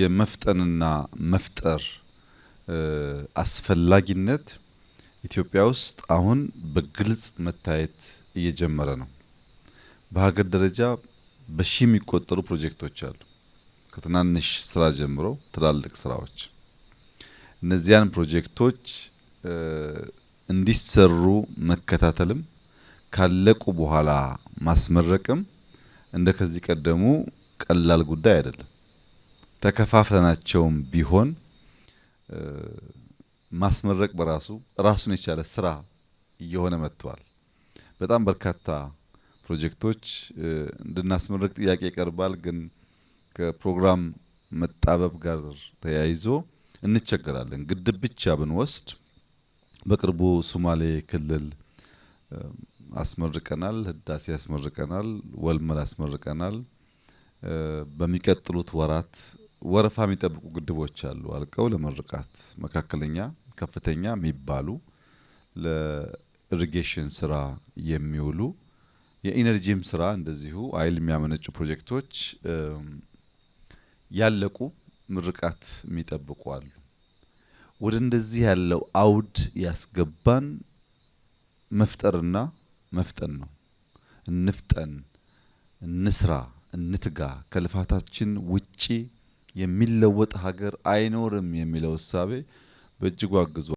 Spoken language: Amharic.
የመፍጠንና መፍጠር አስፈላጊነት ኢትዮጵያ ውስጥ አሁን በግልጽ መታየት እየጀመረ ነው። በሀገር ደረጃ በሺ የሚቆጠሩ ፕሮጀክቶች አሉ። ከትናንሽ ስራ ጀምሮ ትላልቅ ስራዎች። እነዚያን ፕሮጀክቶች እንዲሰሩ መከታተልም ካለቁ በኋላ ማስመረቅም እንደ ከዚህ ቀደሙ ቀላል ጉዳይ አይደለም። ተከፋፍተናቸውም ቢሆን ማስመረቅ በራሱ ራሱን የቻለ ስራ እየሆነ መጥቷል። በጣም በርካታ ፕሮጀክቶች እንድናስመረቅ ጥያቄ ይቀርባል። ግን ከፕሮግራም መጣበብ ጋር ተያይዞ እንቸገራለን። ግድብ ብቻ ብንወስድ በቅርቡ ሶማሌ ክልል አስመርቀናል፣ ህዳሴ አስመርቀናል፣ ወልመል አስመርቀናል። በሚቀጥሉት ወራት ወረፋ የሚጠብቁ ግድቦች አሉ። አልቀው ለምርቃት መካከለኛ፣ ከፍተኛ የሚባሉ ለኢሪጌሽን ስራ የሚውሉ የኢነርጂም ስራ እንደዚሁ አይል የሚያመነጩ ፕሮጀክቶች ያለቁ ምርቃት የሚጠብቁ አሉ። ወደ እንደዚህ ያለው አውድ ያስገባን መፍጠርና መፍጠን ነው። እንፍጠን፣ እንስራ፣ እንትጋ ከልፋታችን ውጪ የሚለወጥ ሀገር አይኖርም የሚለው እሳቤ በእጅጉ አግዟል።